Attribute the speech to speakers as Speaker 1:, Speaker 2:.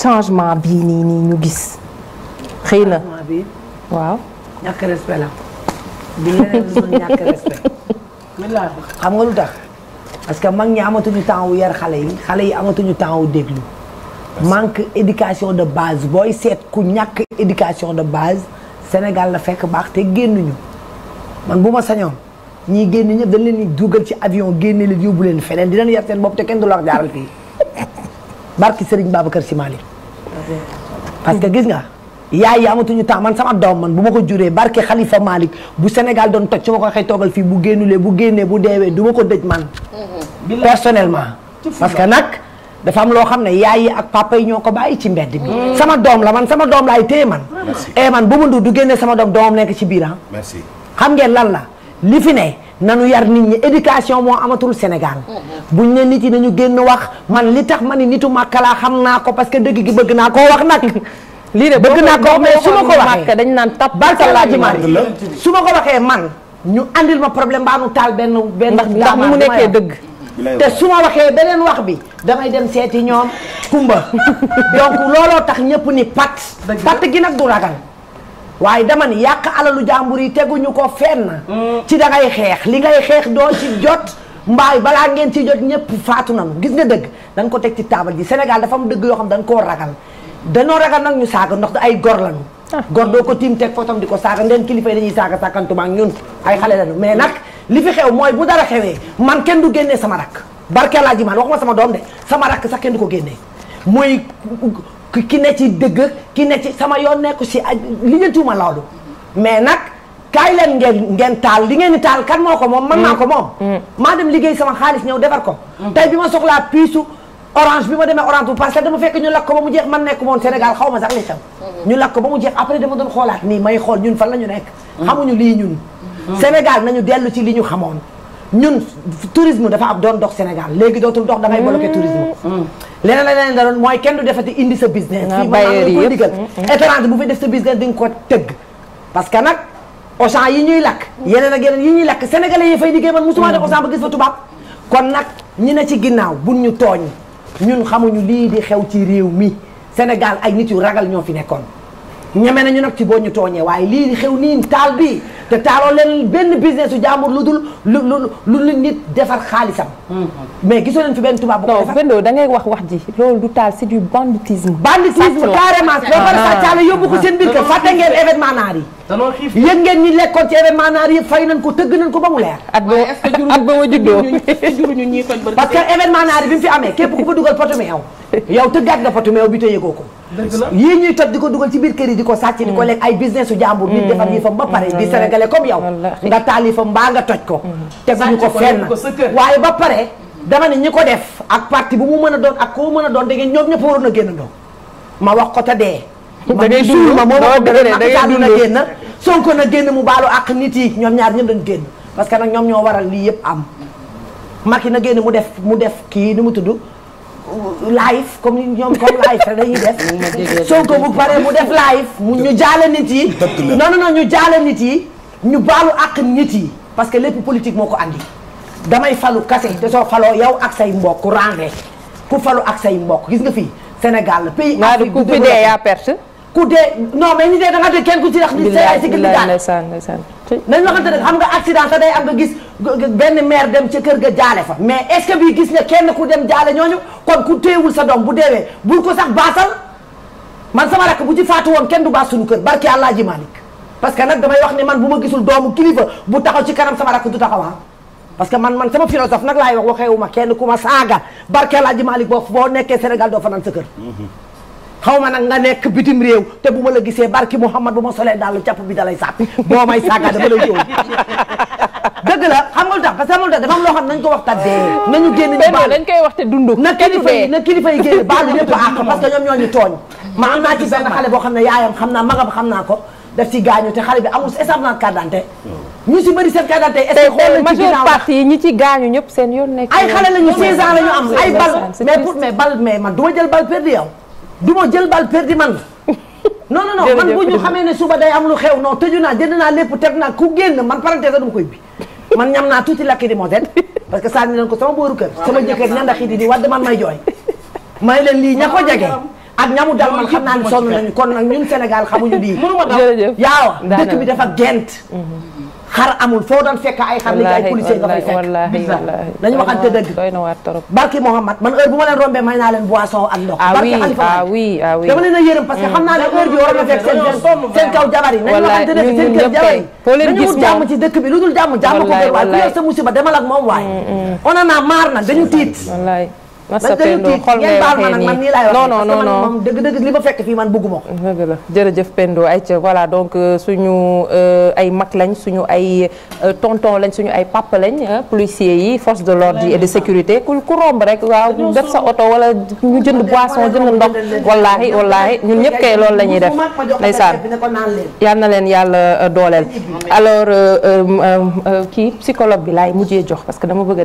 Speaker 1: changement bii nii nii ñu gis xëy na waaw. ñàkk respect la bi leneen lu ñàkk respect xam nga lu tax parce que man ñi amatuñu temps wu yar xale yi xale yi amatuñu temps wu déglu. manque éducation de base booy seet ku ñàkk éducation de base Sénégal la fekk baax te ñu man bu ma sañoon ñii génn ñëpp dañ leen di dugal ci avion génne leen yóbbu leen feneen dinañ yar seen bopp te kenn du la wax jaaral fii. barki Serigne Babacar Sy Malick parce que gis nga yaay yi amatuñu temps man sama doom man bu ma ko juree barki Khalifa Malick bu Sénégal doon toj su ma ko waxee toogal fii bu génnulee bu génnee bu deewee du ma ko dëj man personnellement parce que nag dafa am loo xam ne yaay yi ak papa yi ñoo ko bàyyi ci mbedd bi mm. sama doom la man sama doom laay téye man e man bu ma du génnee sama doom doomam nekk ci biir ah merci xam lan la li fi ne nanu yar nit ñi éducation moo amatul Sénégal mm-hmm. buñ ne nit yi nañu génn wax man li tax ma ni nitu màkka laa xam naa ko parce que dëgg gi bëgg naa koo wax nag lii de bëgg naa ko mais su ma ko waxee dañ naan tap barkalaaji mari su ma ko waxee man ñu andil ma problème baa nu taal benn benn ndax mu nekkee dëgg te su ma waxee beneen wax bi damay dem seeti ñoom kumba donc looloo tax ñëpp ni pat pat gi nag du ragal waaye dama ni yàq alalu jàmbur yi teguñu ko fenn. Mm. ci da ngay xeex li ngay xeex doo ci jot. mbaay balaa ngeen ci jot ñëpp faatu nañu gis nga dëgg dañ ko teg ci taabal ji Sénégal dafa am dëgg yoo xam dañ koo ragal danoo ragal nag ñu saaga ndox ay gor lañu. Ah. gor doo ko tiim teg tam di ko saaga ngeen kilifa yi dañuy saaga sàkkantuma ak ñun ay xale lañu mais nag li fi xew mooy bu dara xewee man kenn du génnee sama rakk barke laa ji man waxuma sama doom de sama rakk sax kenn du ko génnee mooy ki ne ci dëgg ki ne ci sama yoon nekku si li nga tuuma loolu mais nag kaay leen ngeen ngeen taal li ngeen di kan moo ko moom man naa ko moom mm. maa dem liggéey xaalis ñëw defar ko mm. tey bi ma soxlaa piisu orange bi ma demee orange parce que dama fekk ñu lakk ko ba mu jeex nekk moon Sénégal xaw ma sax li xew mm-hmm. ñu lakk ko ba mu jeex doon xoolaat nii may xool ñun fan la ñu nekk mm. xamuñu lii ñun Sénégal nañu dellu ci li ñu xamoon ñun tourisme dafa ab doon dox Sénégal léegi dootul dox dangay bloqué tourisme leneen la leen daroon mooy kenn du defati indi sa business. Ah, fii maanaam koy digal mm-hmm. étrange bu fi def sa business di ko tëgg. parce que nag Auchan yi ñuy lakk. yeneen ak yeneen yi ñuy lakk sénégalais ye fay liggéey man musuma ne Auchan ba gis fa tubaab. kon nag ñi na ci ginnaaw buñ ñu tooñ ñun xamuñu lii di xew ci réew mi Sénégal ay nit yu ragal ñoo fi nekkoon. ñeme nañu nag ci boo ñu tooñee waaye lii xew nii taal bi te taaloo leen benn business su lu dul lu lu lu nit defar xaalisam. Mm-hmm. mais gisoo leen fi benn tubaab bu ko defar. non Pendo da ngay wax wax ji loolu du taal c'est du banditisme. banditisme carrément. ko seen biir kër fàtte ngeen événement naar yi. yëg ngeen ñi lekkoon ci événement ko ba mu leer. at ba at ba ma juddoo parce que événement naar yi bi mu fi amee képp ku fa dugal potu meew yow tëggaat nga potu bi te yëgoo ko. yii ñuy toj di ko dugal ci biir kër yi di ko sàcc di ko lekk ay business su jàmbur nit defar yi fam ba pare di sénégalais comme yow nga taal yi nga toj ko mm-hmm. teguñu ko fenn waaye ba pare dama ne ñi ko def ak parti bu mu mën a doon ak koo mën a doon da ngeen ñoom ñëpp waroon a génn ma wax ko te dee da ngay dund ma moom da ngay dund na génn Sonko na génn mu baalu ak nit yi ñoom ñaar ñëpp dañ génn parce que nag ñoom ñoo waral lii yëpp am Macky na génn mu def mu def kii ni mu tudd live comme ñoom comme live rek dañuy def Sonko bu paree mu def live mu ñu jaale nit yi non non ñu jaale nit yi ñu baalu àq nit yi parce que lépp politique moo ko andi damay falu kase te soo faloo yow ak say mbokk rangé ku falu ak say mbokk gis nga fii Sénégal pays Afrique ku fi dee ku dee non mais ni dee da dee kenn ku ci rax ni sa yaay si gën di daan ndeysaan nga accident day am nga gis benn mère dem ca kër ga jaale fa mais est gis nga kenn ku dem jaale ñooñu kon ku téewul sa doom bu deewee bul ko sax baasal man sama rakk bu ci woon kenn du baas suñu kër barki àllaa ji malik parce que nag damay wax ne man bu ma gisul doomu kilifa bu taxaw ci kanam sama du taxawaa ah. parce que man man sama philosophe nag laay wax waxeewu ma kenn ku ma saaga barki àllaa ji malik boo boo nekkee Sénégal doo fanaan sa kër mm-hmm. xaw ma nag nga nekk bitim réew te bu ma la gisee barki Mouhamad bu ma solee daal jàpp bi dalay sàpp boo may saaga dama lay jóg dëgg la xam nga lu tax loo xam nañ ko waxtaan dee ah. nañu génn ñu baal dañ koy wax te dund na kilifa yi na kilifa yi génn baalu ñëpp àq parce que boo xam ne yaayam xam naa magam xam naa ko daf ci gaañu te xale bi amul exemple si bëri seen carte d'identité est-ce que xool majeure gaañu ñëpp seen yoon nekk ay xale lañu 16 ans la ñu am ay bal mais pour mais bal mais man du ma jël bal perdu yow du ma jël bal perdu man. non non non man bu ñu xamee ne suba day am lu xew non tëju naa jënd naa lépp teg naa ku génn man a dama koy bi man ñam naa tuuti lakki di mosette parce que sànni leen ko sama booru kër. sama jëkkër ñanda xidi di wadd man may jooy. may leen lii ña ko jege. ak ñamu dal man xam naa ne sonn nañu kon nag ñun Sénégal ñu lii. jërëjëf yaaw dëkk bi dafa gent mm-hmm. xar amul foo doon fekk ay xar. wallaahi ay policiers nga fay fekk dañu waxante dëgg. doy na waar trop barki Mouhamad man heure bu ma may naa leen boisson ak barki Alifa ah, ah oui ah oui dama leen a yërëm parce que xam naa ne heure bi war na fekk seen seen kaw jabar yi. ci dëkk bi lu dul jàmm jàmm ko gën waaye ku yor sa musiba demal ak moom waaye. on en a marre nag dañu tiit. masa Pendo xol ngay waxee nii non non non non moom dëgg dëgg li ma fekk fii man bëgguma ko. la jërëjëf Pendo ay ca voilà donc euh, suñu euh, ay mag lañ suñu ay euh, tonton lañ suñu ay papa lañ policiers yi force de l'ordre yi et de sécurité ku ku romb rek waaw def sa oto wala ñu jënd boisson jënd ndox wallaahi wallaahi ñun ñëpp kay loolu la ñuy def ndeysaan yal na leen yàlla dooleel alors kii psychologue bi laay mujjee jox parce que dama bëgg